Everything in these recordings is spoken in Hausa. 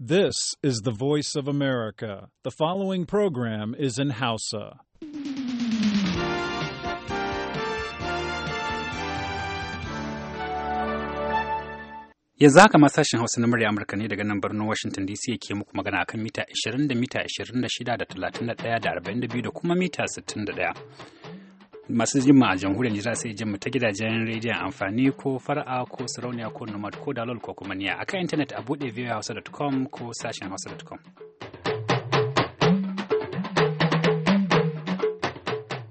This is the voice of America. The following program is in Hausa. Yanzu haka ma sashen Hausa na murya Amurka ne daga nan birnin Washington DC ke muku magana akan mita 20 da mita 26 da 31 da 42 da kuma mita 61. masu jin a jamhuriyar Nijar sai jin mu ta gidajen rediyon amfani ko fara'a ko sarauniya ko nomad ko dalol ko kuma niya akan intanet a bude voahausa.com ko sashen hausa.com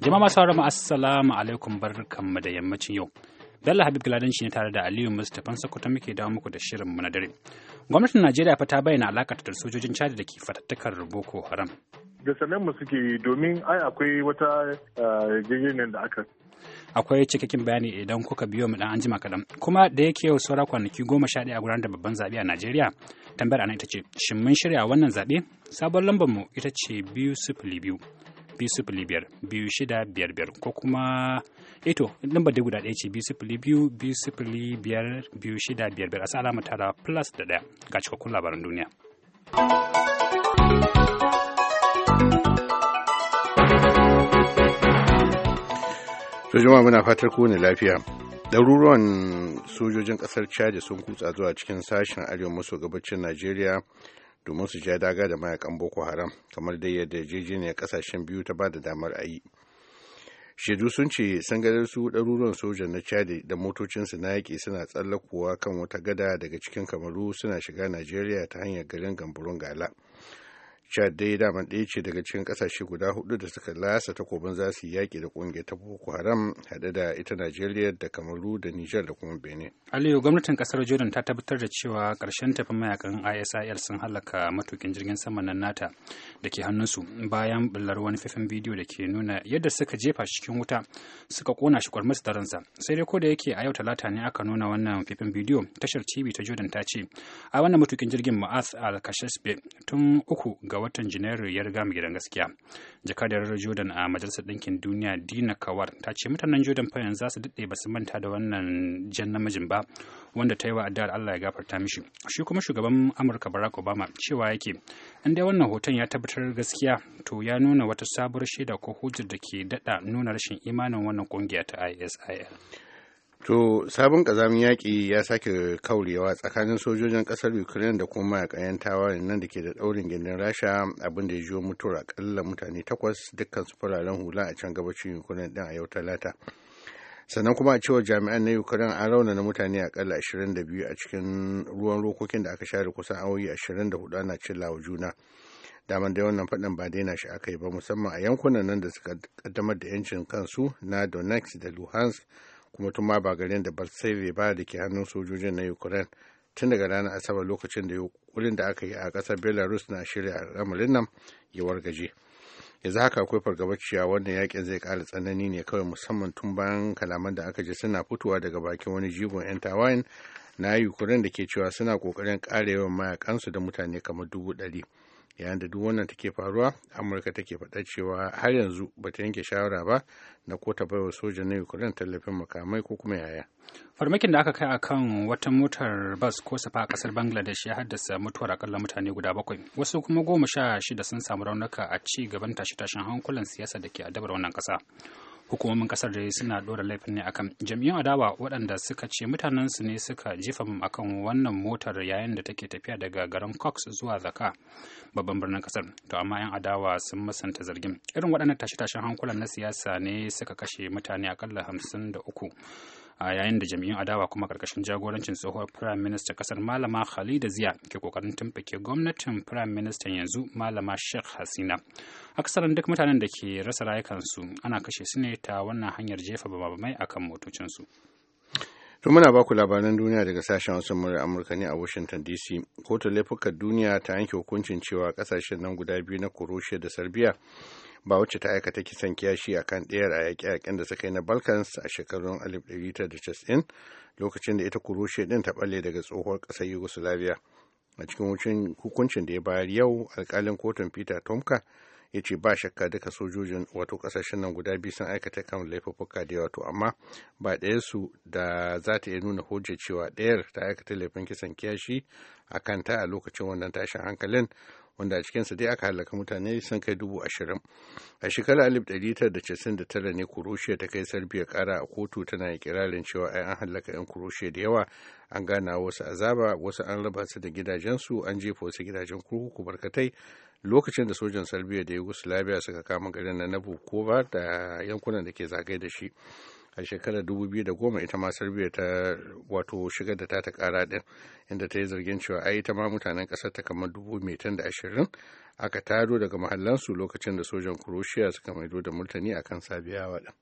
jama'a masu haramu assalamu alaikum mu da yammacin yau Bello Habib Galadanci ne tare da Aliyu Mustapha Sokoto muke dawo muku da shirin mu na dare. Gwamnatin Najeriya fa ta bayyana alakar da sojojin Chad da ke fatattakar Boko Haram. da sanan mu suke yi domin ai akwai wata eh, jirgin da aka akwai cikakken bayani idan kuka biyo mu dan anjima kadan kuma da yake yau saura kwanaki goma sha ɗaya a gudanar da babban zaɓe a najeriya tambayar ana ita ce shin mun shirya wannan zaɓe sabon lambar mu ita ce biyu sifili biyu biyu biyar biyu shida biyar biyar ko kuma eto eh lambar da guda ɗaya ce biyu sifili biyu biyu biyar biyu shida biyar biyar a sa alamar tara plus da ɗaya ga cikakkun labaran duniya. to jama'a muna fatar ku ne lafiya ɗaruruwan sojojin ƙasar chad sun kutsa zuwa cikin sashen arewa maso gabacin najeriya domin su ja daga da mayakan boko haram kamar dai yadda yarjejeniyar ƙasashen biyu ta ba da damar a yi shaidu sun ce sun gadar su ɗaruruwan sojan na chad da motocinsu na yaƙi suna tsallakowa kan wata gada daga cikin kamaru suna shiga najeriya ta hanyar garin gamburun gala chad dai daman ɗaya ce daga cikin kasashe guda hudu da suka lasa takobin za su yi yaƙi da ƙungiyar ta boko haram haɗe da ita najeriya da kamaru da nijar da kuma benin aliyu gwamnatin kasar jordan ta tabbatar da cewa karshen tafin mayakan isil sun halaka matukin jirgin sama nan nata da ke hannunsu bayan bullar wani fifin bidiyo da ke nuna yadda suka jefa cikin wuta suka kona shi kwarmas da ransa sai dai ko da yake a yau talata ne aka nuna wannan fifin bidiyo tashar tv ta jordan ta ce a wannan matukin jirgin ma'ath al-kashasbe tun uku ga ga watan Janairu ya riga mu gidan gaskiya. Jakadar Jordan a Majalisar Ɗinkin Duniya Dina Kawar ta ce mutanen Jordan fa yanzu za su daɗe ba su manta da wannan jan namijin ba wanda ta yi wa addu'ar Allah ya gafarta mishi. Shi kuma shugaban Amurka Barack Obama cewa yake in dai wannan hoton ya tabbatar gaskiya to ya nuna wata sabuwar shaida ko hujjar da ke daɗa nuna rashin imanin wannan kungiya ta ISIL. To sabon kazamin yaƙi ya sake kaurewa tsakanin sojojin ƙasar Ukraine da kuma mayakan tawayen nan da ke da ɗaurin gindin Rasha abin da ya jiwo mutuwar akalla mutane takwas dukkan su fararen hula a can gabacin Ukraine din a yau Talata. Sannan kuma a cewar jami'an na Ukraine an raunana mutane akalla 22 a cikin ruwan rokokin da aka share kusan awoyi 24 ana cillawa juna. daman da wannan faɗin ba daina shi aka yi ba musamman a yankunan nan da suka ƙaddamar da 'yancin kansu na Donetsk da Luhansk kuma tun ma ba garin da Balsave ba da ke hannun sojojin na Ukraine tun daga ranar Asabar lokacin da yunkurin da aka yi a ƙasar Belarus na shirya al'amarin nan ya wargaje. Yanzu haka akwai fargabar cewa wannan yakin zai ƙara tsanani ne kawai musamman tun bayan kalaman da aka ji suna fitowa daga bakin wani jigon 'yan tawayen na Ukraine da ke cewa suna ƙoƙarin ƙara yawan mayakansu da mutane kamar dubu ɗari. yayin da duk wannan take faruwa amurka take faɗa cewa har yanzu ba ta yanke shawara ba na ko ta baiwa soja na ukraine tallafin makamai ko kuma yaya farmakin da aka kai akan wata motar bas ko safa a kasar bangladesh ya haddasa mutuwar akalla mutane guda bakwai wasu kuma goma sha shida sun samu raunuka a ci gaban tashe-tashen hankulan siyasa da ke adabar wannan kasa hukumomin kasar da suna dora laifin ne akan jami'an adawa waɗanda suka ce mutanensu ne suka jefa akan wannan motar yayin da take tafiya daga garin cox zuwa zaka babban birnin kasar to amma 'yan adawa sun musanta zargin irin waɗannan tashe-tashen hankulan na siyasa ne suka kashe mutane akalla hamsin da uku a yayin da jami'in adawa kuma karkashin jagorancin tsohuwar firayim minista kasar malama khalida ziya ke kokarin tumfake gwamnatin firayim minister yanzu malama sheikh hasina akasarin duk mutanen da ke rasa rayukansu ana kashe su ne ta wannan hanyar jefa babamai akan motocinsu To muna baku labaran duniya daga sashen wasu murar Amurka ne a Washington DC. Kotun laifukan duniya ta yanke hukuncin cewa kasashen nan guda biyu na Kuroshe da Sarbiya ba wacce ta aikata kisan kiyashi a kan ɗayar a yaƙe-yaƙen da suka yi na balkans a shekarun 1990 lokacin da ita kurushe ɗin ta ɓalle daga tsohuwar ƙasar yugoslavia a cikin hukuncin da ya bayar yau alkalin kotun peter tomka ya ce ba shakka duka sojojin wato ƙasashen nan guda biyu sun aikata kan laifuffuka da yawa to amma ba ɗaya su da za ta iya nuna hujja cewa ɗayar ta aikata laifin kisan kiyashi a kanta a lokacin wannan tashin hankalin wanda a cikinsa dai aka halaka mutane sun kai dubu ashirin a shekarar alif ɗari tara da casin da tara ne kuroshiya ta kai sarbiya kara a kotu tana ikirarin cewa ai an halaka yan kuroshiya da yawa an gana wasu azaba wasu an raba su da gidajensu an jefa wasu gidajen kurkuku barkatai lokacin da sojan sarbiya da yugoslavia suka kama garin na nabukoba da yankunan da ke zagaye da shi a shekarar 2010 ita ma serbia ta wato shigar da ta ta kara din inda ta yi zargin cewa ai ita ma mutanen kasar ta kamar dubu da ashirin aka taro daga mahallansu lokacin da sojan croatia suka maido da murtani akan sabiya waɗin.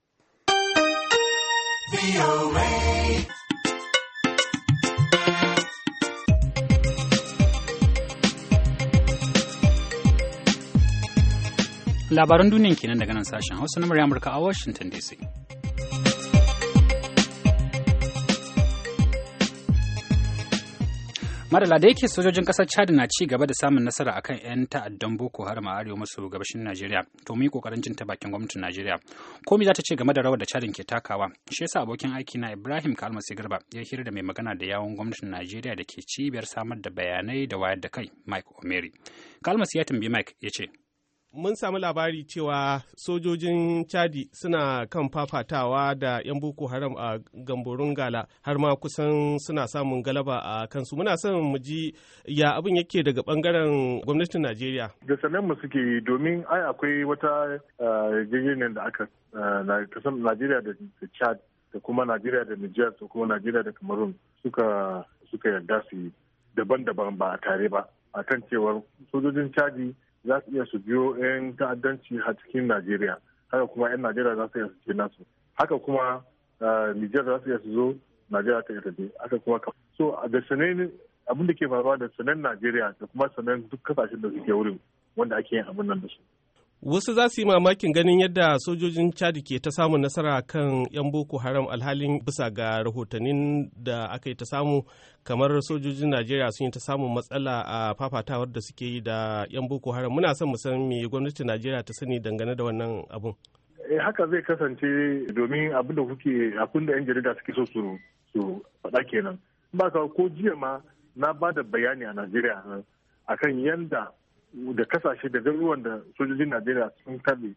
Labaran duniyan kenan daga nan sashen Hausa na Amurka a Washington DC. madala da yake sojojin kasar chad na ci gaba da samun nasara akan 'yan ta'addan boko haram a arewa maso gabashin najeriya to mu yi kokarin jin ta bakin gwamnatin najeriya komai za ta ce game da rawar da chadin ke takawa shi yasa abokin aiki na ibrahim kalmasi garba ya hira da mai magana da yawon gwamnatin najeriya da ke cibiyar samar da bayanai da wayar da kai mike omeri kalmasi ya tambayi mike ya ce mun samu labari cewa sojojin chadi suna kan fafatawa da 'yan boko haram a gamborun gala har ma kusan suna samun galaba a kansu muna son mu ji ya abin yake daga bangaren gwamnatin najeriya da sanan mu suke domin ai akwai wata eh, jirgin da aka kasan eh, najeriya da chad da kuma najeriya da niger da kuma najeriya da cameroon suka suka yarda su daban-daban ba tare ba a kan cewar sojojin chadi za su iya su biyo 'yan ta'addanci a cikin najeriya haka kuma 'yan najeriya za su iya su ce nasu haka kuma nijar za su iya su zo najeriya ta ita haka kuma ka. so da sanai abin da ke faruwa da sanan najeriya da kuma sanan duk kasashen da suke wurin wanda ake yin abin nan da su Wasu za su yi mamakin ganin yadda sojojin Chad ke ta samun nasara kan 'yan Boko Haram alhalin bisa ga rahotannin da aka yi ta samu kamar sojojin Najeriya sun yi ta samun matsala a fafatawar da suke yi da 'yan Boko Haram. Muna son mu san me gwamnati Najeriya ta sani dangane da wannan abun. Eh, haka zai kasance domin abin da kuke abin da 'yan jarida suke so su faɗa kenan. Ba ka ko jiya ma na ba da bayani a Najeriya akan yanda da kasashe da garuruwan da sojojin najeriya sun karbe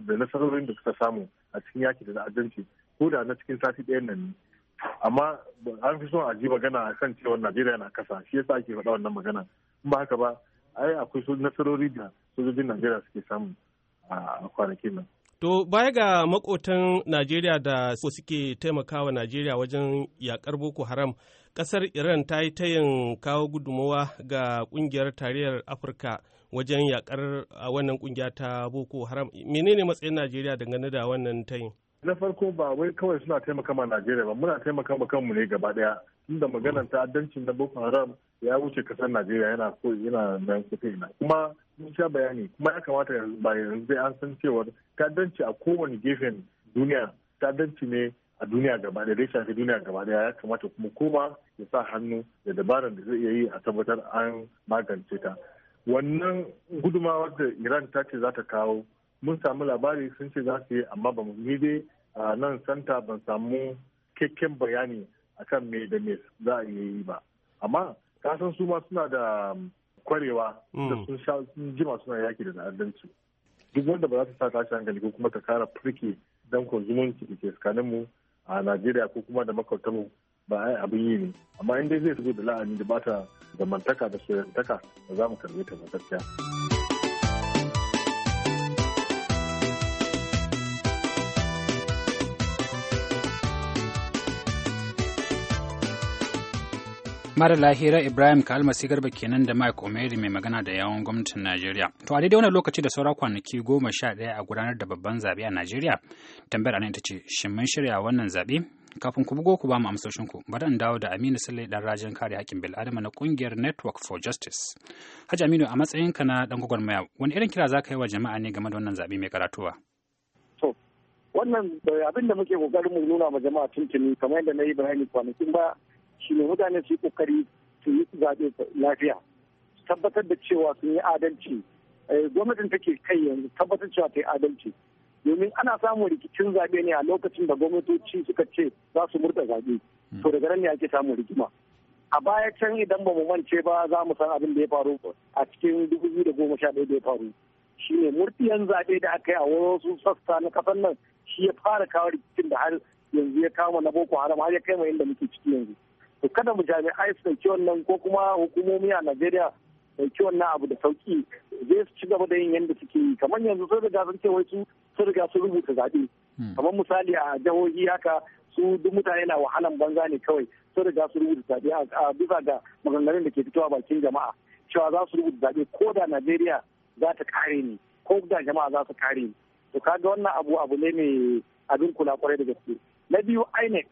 da nasarorin da suka samu a cikin yaki da azanci ko da na cikin sati ɗayan nan ne amma an fi son a ji magana a kan cewa najeriya na kasa shi yasa ake faɗa wannan magana in ba haka ba ai akwai nasarori da sojojin najeriya suke samu a kwanakin nan To baya ga makotan Najeriya da suke taimakawa Najeriya wajen yakar Boko Haram, ƙasar Iran ta yi tayin kawo gudummawa ga ƙungiyar tarayyar Afirka wajen yakar wannan kungiya ta boko haram menene matsayin najeriya dangane da wannan tayin na farko ba wai kawai suna taimaka ma najeriya ba muna taimaka ma kanmu ne gaba daya inda maganar ta'addancin na boko haram ya wuce kasar najeriya yana ko yana nan ina kuma mun sha bayani kuma ya kamata ba yanzu an san cewar ta'addanci a kowane gefen duniya ta'addanci ne a duniya gaba da shafi duniya gaba daya ya kamata kuma kowa ya sa hannu da dabarar da zai iya yi a tabbatar an magance ta wannan gudumawar da iran ta ce za ta kawo mun samu labari sun ce za su yi amma ba mu ni dai a nan santa ban samu kekken bayani a kan me da me za a yi ba amma kasan su ma suna da um, kwarewa hmm. da sun sha jima suna yaki da ta'addanci duk wanda ba za ta sa tashi hankali ko kuma ta kara firki dan ko zumunci da ke tsakanin mu a najeriya ko kuma da makwabtan mu ba ai abin yi ne amma in dai zai zo da la'ani da ba ta zamantaka da soyantaka ba za mu karbe ta gaskiya. mara lahira ibrahim kalmasi garba kenan da mike omeri mai magana da yawon gwamnatin najeriya to a daidai wani lokaci da saura kwanaki goma sha ɗaya a gudanar da babban zaɓe a najeriya tambayar ana ta ce shin mun shirya wannan zaɓe Kafin ku bugo ku ba mu amsoshin ku, bari in dawo da Aminu Sule dan rajin kare haƙƙin bil'adama na ƙungiyar Network for Justice. Haji Aminu a matsayinka na dan gwagwarmaya, wani irin kira za ka yi wa jama'a ne game da wannan zaɓe mai karatuwa? To, wannan abin da muke kokarin mu nuna ma jama'a tuntuni kamar yadda na yi bayani kwanakin ba shi ne mutane su yi kokari su yi zaɓe lafiya tabbatar da cewa sun yi adalci eh, gwamnatin take kai yanzu tabbatar cewa ta yi adalci domin ana samun rikicin zaɓe ne a lokacin da gwamnatoci suka ce za su murta zaɓe to daga nan ne ake samun rigima a baya can idan ba mu mance ba za mu san abin da ya faru a cikin 2011 da ya faru shi ne murtiyan zaɓe da aka yi a wasu sassa na kasar nan shi ya fara kawo rikicin da har yanzu ya kama na boko haram har ya kai ma inda muke ciki yanzu to kada mu jami'ai su ɗauki wannan ko kuma hukumomi a najeriya ɗauki wannan abu da sauki zai su ci gaba da yin yadda suke yi kamar yanzu sun riga sun ce wai su sun riga sun rubuta zaɓe hmm. kamar misali a jihohi haka su duk mutane na wahalan banza ne kawai sun riga sun rubuta zaɓe a bisa ga maganganun da ke fitowa bakin jama'a cewa za su rubuta zaɓe ko da najeriya za ta kare ni ko da jama'a za su kare ni to kaga wannan abu abu ne mai abin kula kwarai da gaske na biyu inec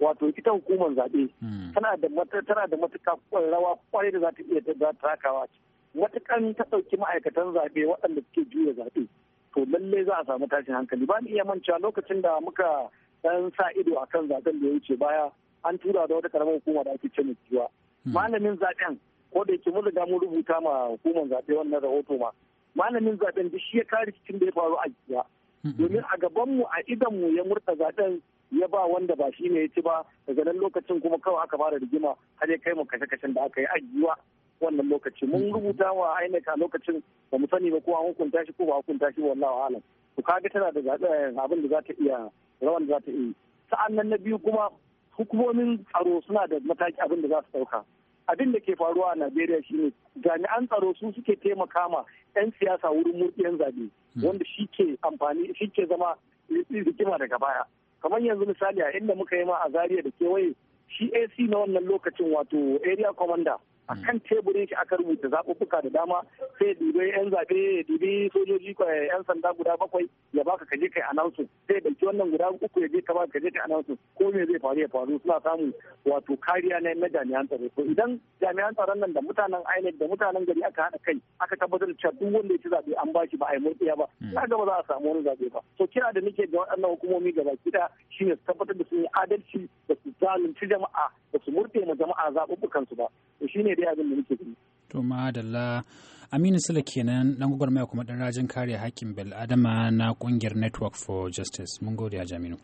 wato ita hukumar zaɓe hmm. tana da tana da matuƙa rawa kwarai da za ta iya ta takawa matuƙan ta ɗauki ma'aikatan zaɓe waɗanda suke juya zaɓe to lallai za a samu tashin hankali ba ni iya mancewa lokacin da muka ɗan sa ido a kan zaɓen da ya wuce baya an tura da wata karamar hukuma da ake cewa kiwa hmm. malamin zaɓen ko da yake mun riga mun rubuta ma hukumar zaɓe wannan rahoto ma malamin zaɓen duk shi ya kare cikin da ya faru a jiya hmm. domin a gabanmu a idanmu ya murta zaɓen ya ba wanda ba shi ne ya ci ba daga nan lokacin kuma kawai aka fara rigima har ya kai mu kashe-kashen da aka yi ajiyuwa wannan lokaci mun mm. rubuta wa ainihin lokacin ba mu sani ba ko an hukunta shi ko ba hukunta shi wallahi alam to kaga tana da eh, abin da za ta iya rawan da za ta iya sa'an nan na biyu kuma hukumomin tsaro suna da mataki abin da za su ɗauka abin da ke faruwa a najeriya shine jami'an tsaro su suke taimaka ma 'yan siyasa wurin murɗiyan zaɓe mm. wanda shi ke amfani shi ke zama rigima daga baya kamar yanzu misali a inda muka yi ma a zariya da kewaye shi ac na wannan lokacin wato area commander a hmm. kan teburin shi aka rubuta zaɓuɓɓuka da dama sai dubi yan zaɓe ya dubi sojoji yan eh, sanda guda bakwai ya baka ka je kai anansu sai dauki wannan guda uku ya je ka baka ka je kai anansu ko me zai faru ya faru suna samun wato kariya na na jami'an tsaro to idan jami'an tsaron nan da mutanen INEC da mutanen gari aka haɗa kai aka tabbatar da cewa duk wanda ya ci zaɓe an ba shi ba a yi murɗiya ba na hmm. gaba za a samu wani zaɓe ba to kira da nake ga waɗannan hukumomi gaba kiɗa shine su tabbatar da su yi adalci da su zalunci jama'a da su murɗe ma jama'a zaɓuɓɓukansu ba to shine dai abin da muke gani to madalla Aminu Sula kenan dan gwagwarmaya kuma dan rajin kare haƙƙin bil'adama na ƙungiyar Network for Justice. Mun gode a Jaminu.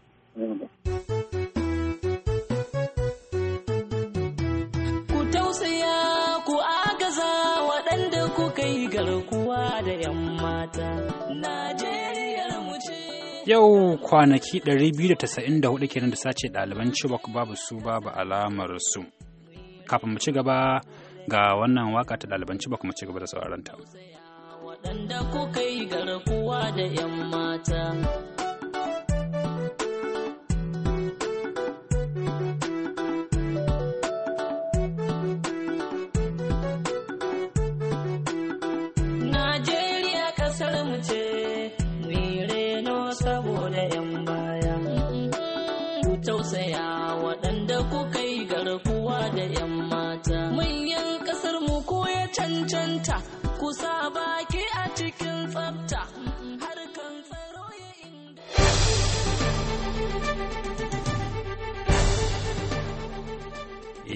Ku tausaya ku agaza waɗanda kuka yi garkuwa da 'yan mata. Yau kwanaki 294 kenan da sace ɗaliban Chibok babu su babu alamar su. kafin mu ci gaba ga wannan waka ta ɗalibanci ba kuma ci gaba da sauraron ta. Waɗanda kuka yi garkuwa da 'yan mata.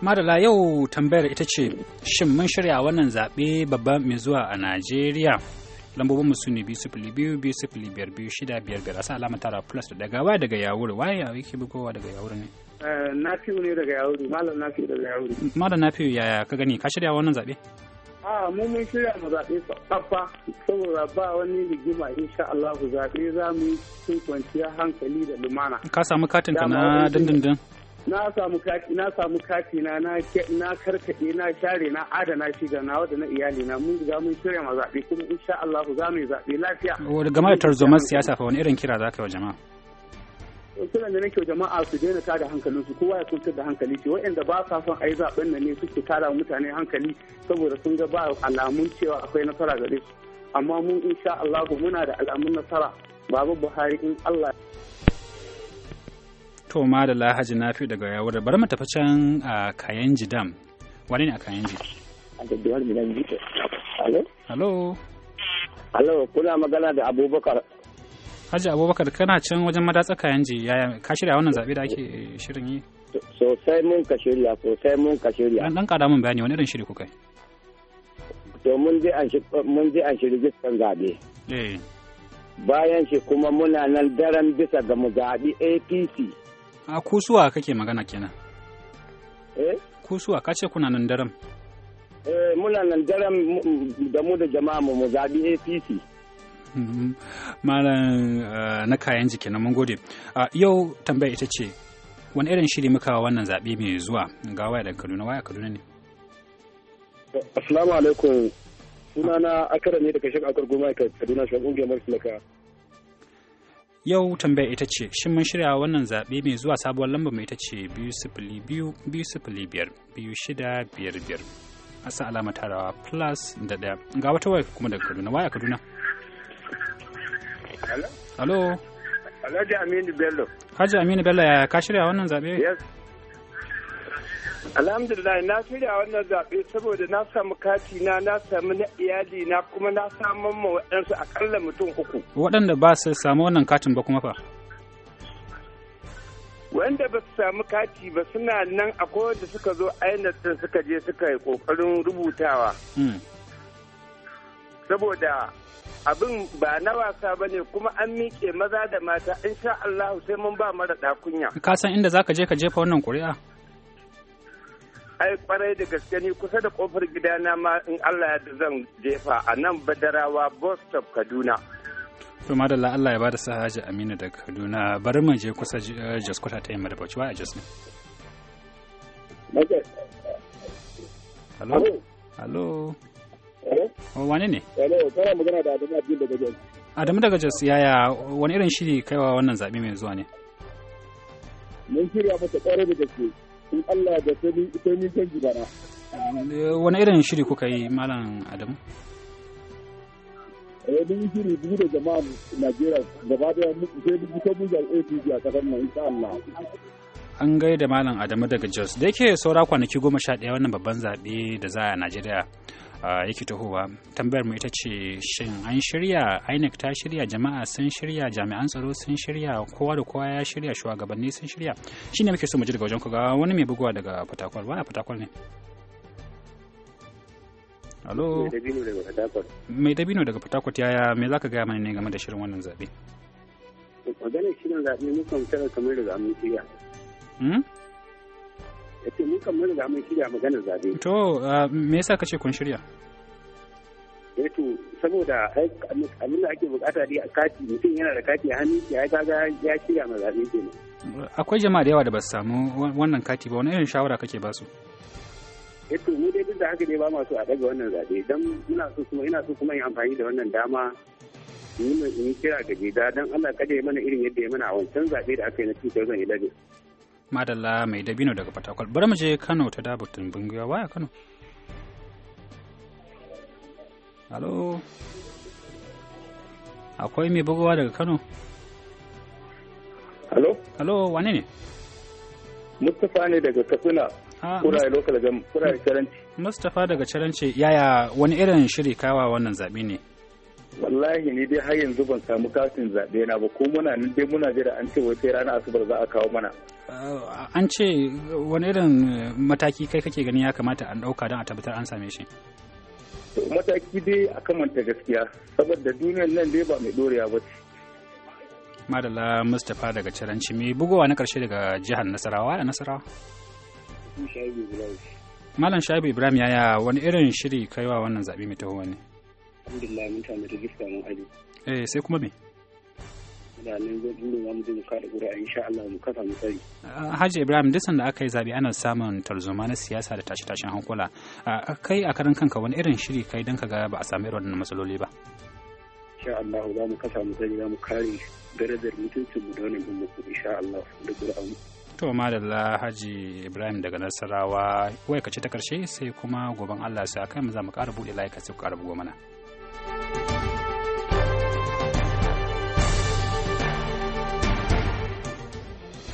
Madala yau tambayar ita ce, shin mun shirya wannan zaɓe babba mai zuwa a Najeriya? Lambobin mu ne biyu sifili biyu biyu sifili biyar biyu shida biyar biyar a sa alama tara plus da dagawa daga yawuri waye ya yake bugowa daga yawuri ne? Eh, Nafi'u ne daga yawuri, Malam Nafi'u daga yawuri. Malam Nafi'u yaya ka gani ka shirya wannan zaɓe? a mu mun shirya mu zaɓe tsaffa saboda ba wani rigima insha Allah zaɓe za mu yi cikin kwanciyar hankali da lumana. Ka samu katinka na dindindin? na samu kati na samu kati na na karkade na share na adana shi ga na da iyali na mun ga mun shirya ma zabe kuma insha Allah za mu yi zabe lafiya wani daga da tarzomar siyasa fa wani irin kira za ka yi wa jama'a kiran da nake wa jama'a su daina tada hankalin su kowa ya kuntar da hankali ce waɗanda ba sa son ai zaben nan ne suke tada mutane hankali saboda sun ga ba alamun cewa akwai nasara gare su amma mun insha Allah muna da alamun nasara baba Buhari in Allah to ma da lahaji na fi daga yawar bari mu tafi can a kayanji dam wani ne a kayanji Halo. Halo, kuna magana da Abubakar. Haji Abubakar kana can wajen madatsa kayanji yaya ka shirya wannan zaɓe da ake shirin yi? Sosai mun ka shirya, sosai mun ka shirya. Dan kada mun bayani wani irin shiri kuka yi? To mun je an mun je an shiri giskan zaɓe. Eh. Bayan shi kuma muna nan daren bisa ga mu zaɓi APC. A ah, kusuwa kake magana kenan? Eh? Kusuwa ka ce kuna nan daram? Eh, muna nan daram da mu da jama'a mu zaɓi APC. Mm-hmm. Malam ah, na kayan jiki na mun gode. Ah, yau tambaya ita ce, wani irin shiri muka wannan zaɓe mai zuwa ga waya da Kaduna, waya Kaduna ne? Assalamu alaikum. Sunana Akara ne daga Shek Akar Goma Kaduna, Shek Ungiyar Marsilaka. yau tambaya ita ce shin mun shirya wannan zaɓe mai zuwa sabuwar lambar mai ita ce biyu sifili biyu biyu sifili biyar biyu shida biyar biyar asa alama tarawa plus da ɗaya ga wata waya kuma daga kaduna waya kaduna halo Alhaji Aminu Bello. Haji Aminu Bello ya ka shirya wannan zaɓe? Yes, Alhamdulillah na shirya wannan zaɓe saboda na samu kati na na samu na iyali na kuma na samun ma waɗansu akalla mutum uku. Waɗanda ba su samu wannan katin ba kuma fa? Wanda ba su samu kati ba suna nan a wanda suka zo ainihin din suka je suka yi ƙoƙarin rubutawa. Hmm. Saboda abin ba na wasa ba ne kuma an miƙe maza da mata in sha Allah sai mun ba mara ɗakunya. Ka san inda za je ka jefa wannan ƙuri'a? ai kwarai da gaske ni kusa da kofar gidana ma in Allah ya zan jefa a nan badarawa bus stop Kaduna. To madalla Allah ya bada sahaja Aminu da Kaduna bari mu je kusa eh, Jaskwata ta yamma da Bauchi a Jasmi. Hello. Hello. Hello. Oh, wani ne? Hello, kana magana da Adamu Abdul daga Jos. Adamu daga Jos yaya wani irin shiri kaiwa wannan zabi mai zuwa ne? Mun shirya mata kwarai da gaske. in Allah da sai ni zan ji bana. Wani irin shiri kuka yi Malam Adamu? a eh, yadda yi shiri biyu da jama'a Najeriya gaba da sai biyu ta mun zaɓe APC a kasar nan insha Allah. An gaida Malam Adamu daga Jos da yake saura kwanaki goma sha ɗaya wannan babban zaɓe da za a Najeriya. Uh, yake tahowa tambayar mu ita ce shin an shirya inec ta shirya jama'a sun shirya jami'an tsaro sun shirya kowa da kowa ya shirya shugabanni sun shirya shine muke so mu ji daga wajen ku ga wani mai bugawa daga fatakwal wani fatakwal ne Alo. Mai dabino daga Fatakwat yaya me zaka gaya mana ne game da shirin wannan zaɓe? Maganar shirin zaɓe mukan tara kamar daga Amurkiya. yace mun kan mun ga mun shirya maganar zabe to uh, me yasa kace kun shirya eh to saboda abin da ake bukata dai a kati mutum yana da kati hannu ya kaga ya shirya ma zabe kenan akwai jama'a da yawa da ba su samu wannan kati ba wani irin shawara kake ba su eh to mu dai duk da haka dai ba ma so a daga wannan zabe dan ina so kuma ina so kuma yin amfani da wannan dama in kira ga gida dan Allah kada ya mana irin yadda ya mana a wancan zaɓe da aka yi na 2011 madalla mai dabino daga fatakwal bari mu je kano ta dabo tumbin gwiwa waya kano alo akwai mai bugowa daga kano alo alo wane ne mustapha ne daga katsina kuraye lokal kurai caranci mustapha daga caranci yaya wani irin shiri kawa wannan zaɓe ne wallahi ni dai har yanzu ban samu katin zaɓe na ba ko muna nan dai muna jira an ce wace sai ranar asabar za a kawo mana uh, an ce wani irin uh, mataki kai kake gani ya kamata an ɗauka don a tabbatar an same shi mataki dai a kamanta gaskiya saboda duniyar nan dai ba mai ɗorewa ba ce Madalla mustapha daga ciranci mai bugowa na ƙarshe daga jihar nasarawa da nasarawa malam shaibu ibrahim yaya wani irin shiri kaiwa wannan zaɓe mai taho ne alhamdulillah mun samu rijista mun aji eh sai kuma me da nan zai burin za mu je mu kada ƙuri'a insha Allah mu kasa mu tsari ah, Haji Ibrahim duk sanda aka yi zabe ana samun tarzoma na siyasa da tashi tashin hankula ah, kai a karan kanka wani irin shiri kai don ka ga ba a samu irin wannan matsaloli ba insha Allah za mu kasa mu tsari za mu kare darajar mutuncin mu da wannan bin insha Allah da ƙuri'a mu to madalla haji ibrahim daga nasarawa wai ka ce ta karshe sai kuma goben allah sai kai mu za mu ƙara buɗe layuka sai ku ƙara bugo mana Thank you.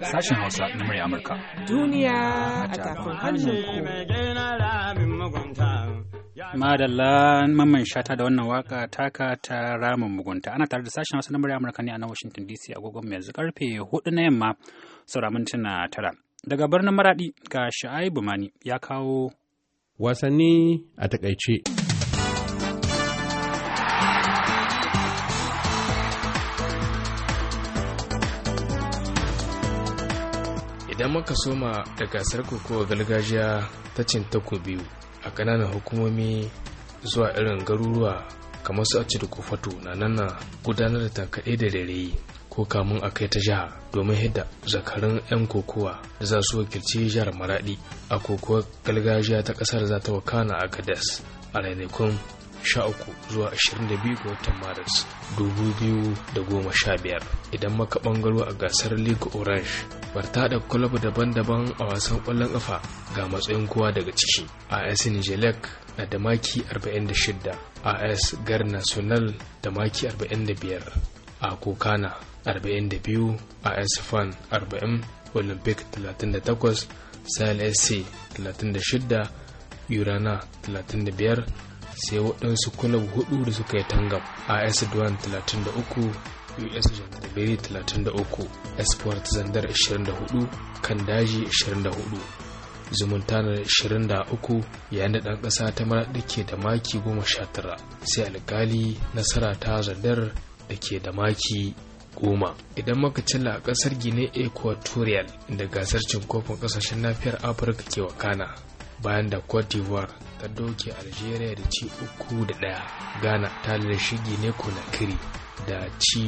sashen Hausa na murya Amurka. Duniya a tafin hannunku. Madalla mamman shata da wannan waka taka ta ramin mugunta. Ana tare da sashen Hausa na murya Amurka ne a nan Washington DC agogon yanzu karfe hudu na yamma saura mintuna tara. Daga birnin Maradi ga sha'ai Mani ya kawo wasanni a takaice. muka soma da gasar kokowa gargajiya ta cin tako biyu a kananan hukumomi zuwa irin garuruwa kamar su a ci da kofato na nan na gudanar da takaɗe da dare ko kamun a kai ta jiha domin hidda zakarun 'yan kokowa da za su wakilci jihar maradi a kokowa gargajiya ta ƙasar za ta wakana a gadas a ranakun 13 zuwa 22 ga watan maris 2015 idan maka bangaro a gasar league orange barta da kulab daban-daban a wasan kwallon kafa ga matsayin kowa daga ciki as nijelek na da maki 46 as gar national da maki 45 a kokana 42 as fan 40 olympic 38 sahel sc 36 urana 35 sai waɗansu kulab hudu da suka yi tangam as duwan 33 us gendarmerie 33 espoir zandar 24 kan daji 24 zumuntanar 23 yayin da ɗan ƙasa ta da ke da maki 19 sai alkali nasara ta zandar da ke da maki goma idan muka cilla a ƙasar gine equatorial inda gasar cin kofin ƙasashen nafiyar afirka ke wakana bayan da cote d'ivoire ta doke algeria da ci uku da daya ghana ta shige ne conakry da ci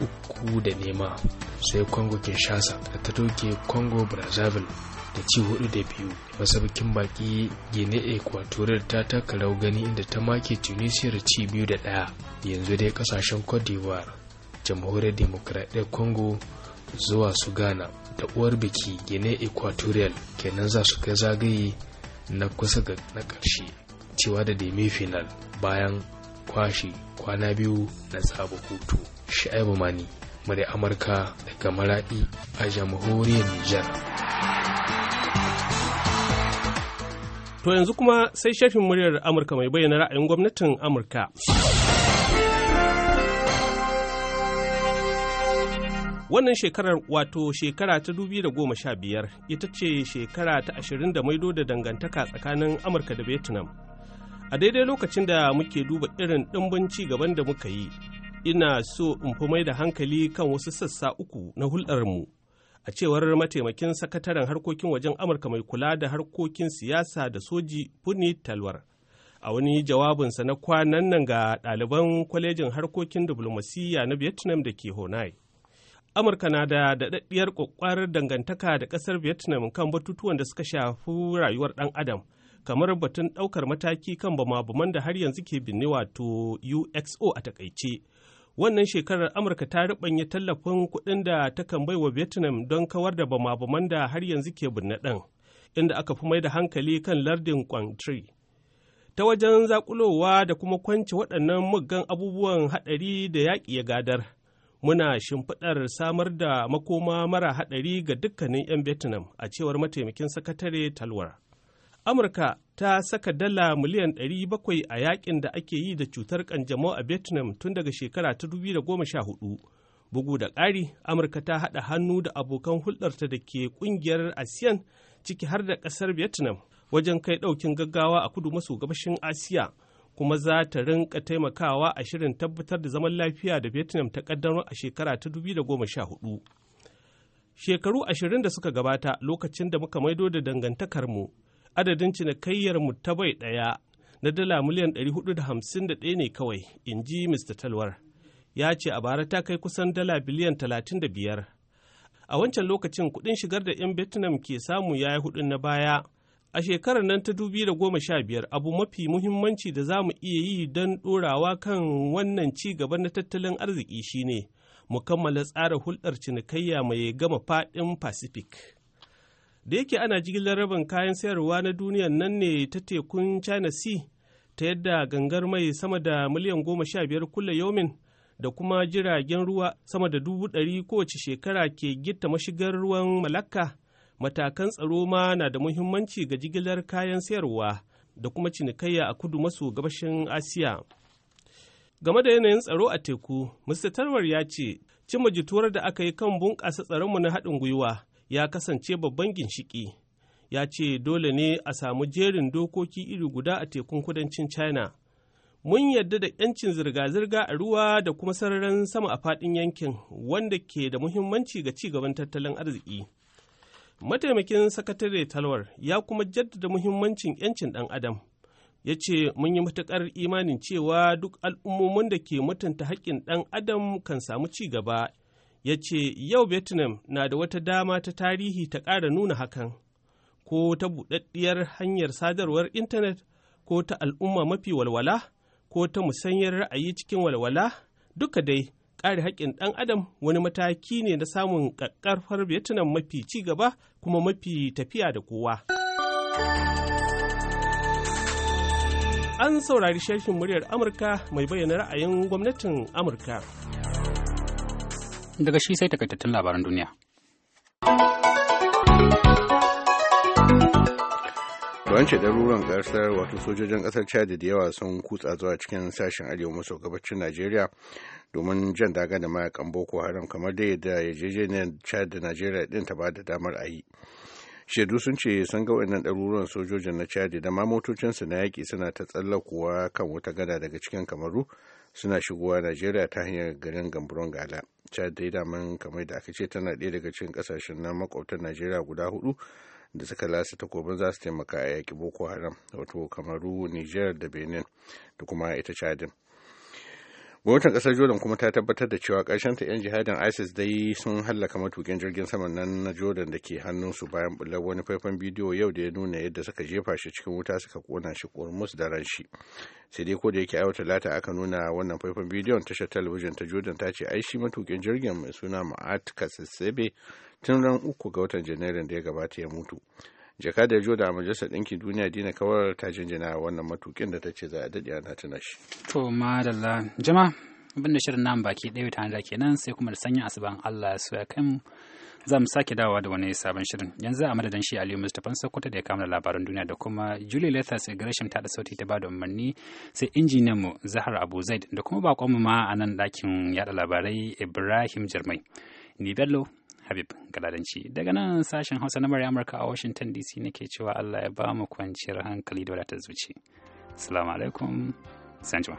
uku da nema sai congo kinshasa da ta doke congo brazzaville da ci hudu da biyu masaukin baki gine equatorial ta taka rau gani inda ta make tunisia da ci biyu da daya yanzu dai kasashen cote d'ivoire jamhuriyar demokradiyyar congo zuwa su ghana da uwar biki gine equatorial kenan za su kai zagaye na kusa ga na ƙarshe cewa da demi final bayan kwashe kwana biyu na tsaba hutu sha'ibu mani murya amurka daga maraɗi a jamhuriyar nijar to yanzu kuma sai shafin muryar amurka mai bayyana ra'ayin gwamnatin amurka Wannan shekarar wato shekara ta sha biyar ita ce shekara ta ashirin da maido da dangantaka tsakanin Amurka da Vietnam. A daidai lokacin da muke duba irin ɗimbin ci gaban da muka yi, ina so in fi mai da hankali kan wasu sassa uku na hulɗarmu. A cewar mataimakin sakataren harkokin wajen Amurka mai kula da harkokin siyasa da soji Puni Talwar. a wani jawabinsa na kwanan nan ga ɗaliban kwalejin harkokin diflomasiyya na vietnam da ke honai Amurka na da daɗaɗɗiyar ƙwaƙwarar dangantaka da ƙasar Vietnam kan batutuwan da suka shafi rayuwar ɗan Adam, kamar batun ɗaukar mataki kan bama-baman da har yanzu ke binne wato UXO a takaice. Wannan shekarar Amurka ta riɓanya tallafin kuɗin da ta kan baiwa Vietnam don kawar da bama-baman da har yanzu ke binne ɗan, inda aka fi mai da hankali kan lardin Quang Ta wajen zakulowa da kuma kwance waɗannan muggan abubuwan haɗari da yaƙi ya gadar. muna shimfiɗar samar da makoma mara haɗari ga dukkanin 'yan vietnam a cewar mataimakin sakatare talwar amurka ta saka dala miliyan 700 a yakin da ake yi da cutar kanjamau a vietnam tun daga shekara ta 2014 bugu da ƙari amurka ta haɗa hannu da abokan hulɗarta da ke ƙungiyar Asiyan ciki har da ƙasar vietnam wajen kai ɗaukin gaggawa a kudu maso gabashin asiya kuma za ta rinka taimakawa a shirin tabbatar da zaman lafiya da vietnam ta kaddamar a shekara ta 2014 shekaru ashirin da suka gabata lokacin da muka maido da dangantakar mu adadin cinikayyar mu ta bai ɗaya na dala miliyan 451 ne kawai in ji mr talwar ya ce a bara ta kai kusan dala biliyan 35 a wancan lokacin kuɗin shigar da 'yan vietnam ke samu ya yi hudun na baya A shekarar nan ta da sha biyar, abu mafi muhimmanci da za mu iya yi don ɗorawa kan wannan ci gaba na tattalin arziki shine mu kammala tsara hulɗar cinikayya mai gama faɗin Pacific. Da yake ana jigilar rabin kayan sayarwa na duniyan nan ne ta tekun China Sea ta yadda gangar mai sama da miliyan goma sha biyar kulle yomin da kuma jiragen ruwa sama da dubu ɗari kowace shekara ke gita mashigar ruwan Malakka. matakan tsaro ma na da muhimmanci ga jigilar kayan sayarwa da kuma cinikayya a kudu maso gabashin asiya game da yanayin tsaro a teku mr tarwar ya ce cimma jituwar da aka yi kan bunƙasa tsaronmu na haɗin gwiwa ya kasance babban ginshiƙi ya ce dole ne a samu jerin dokoki iri guda a tekun kudancin china mun yadda da 'yancin zirga-zirga a ruwa da kuma sararin sama a faɗin yankin wanda ke da muhimmanci ga ci gaban tattalin arziki mataimakin sakatare talwar ya kuma jaddada muhimmancin 'yancin ɗan adam ya ce mun yi matuƙar imanin cewa duk al'ummomin da ke mutunta haƙƙin ɗan adam kan samu ci gaba ya ce yau vietnam na da wata dama ta tarihi ta ƙara nuna hakan ko ta buɗaɗɗiyar hanyar sadarwar intanet ko ta al'umma mafi walwala ko ta musanyar ra'ayi cikin walwala duka dai kare haƙƙin ɗan adam wani mataki ne na samun ƙaƙƙarfar vietnam mafi ci gaba kuma mafi tafiya da kowa an saurari shafin muryar amurka mai bayyana ra'ayin gwamnatin amurka daga shi sai takaitattun labaran duniya wancan ɗaruran ƙasar wato sojojin ƙasar chad da yawa sun kutsa zuwa cikin sashen arewa maso gabacin najeriya domin jan daga da mayakan boko haram kamar da yajejeniyar yarjejeniyar chad da najeriya din ta ba da damar a yi shaidu sun ce sun ga wannan ɗaruruwan sojojin na chad da ma motocinsu na yaƙi suna ta tsallakowa kan wata gada daga cikin kamaru suna shigowa najeriya ta hanyar garin gamburon gala chad dai daman kamar da aka ce tana ɗaya daga cikin ƙasashen na makwabtan najeriya guda hudu da suka lasa takobin za su taimaka a yaƙi boko haram wato kamaru niger da benin da kuma ita chadin gwamnatin kasar jordan kuma ta tabbatar da cewa ta 'yan jihadin isis dai sun hallaka matukin jirgin sama nan na jordan da ke hannunsu bayan bullar wani faifan bidiyo yau da ya nuna yadda suka jefa shi cikin wuta suka kona shi kurmus da ran shi sai dai ko da yake ayo talata aka nuna wannan faifan bidiyon tashar talabijin ta jordan ta ce ai shi matukin jirgin mai suna ma'at kasisebe tun ran uku ga watan janairun da ya gabata ya mutu jaka jakadar joda a majalisar ɗinkin duniya dina kawar ta jinjina wannan matukin da ta ce za a daɗe ana tana shi. to madalla jama abin da shirin nan baki ɗaya ta da kenan sai kuma da sanyin asuban allah su ya kai mu za mu sake dawowa da wani sabon shirin yanzu a madadin shi aliyu mustapha sokoto da ya kama labaran duniya da kuma julie lethas gresham ta da sauti ta bada umarni sai injiniyan mu zahar abu zaid da kuma bakon mu ma a nan ɗakin yada labarai ibrahim jirmai ni bello Habib Galadanci. Daga nan sashen Hausa na murya Amurka a Washington DC nake cewa Allah ya ba mu kwanciyar hankali da wadatar zuci. Assalamu alaikum. Sanjima.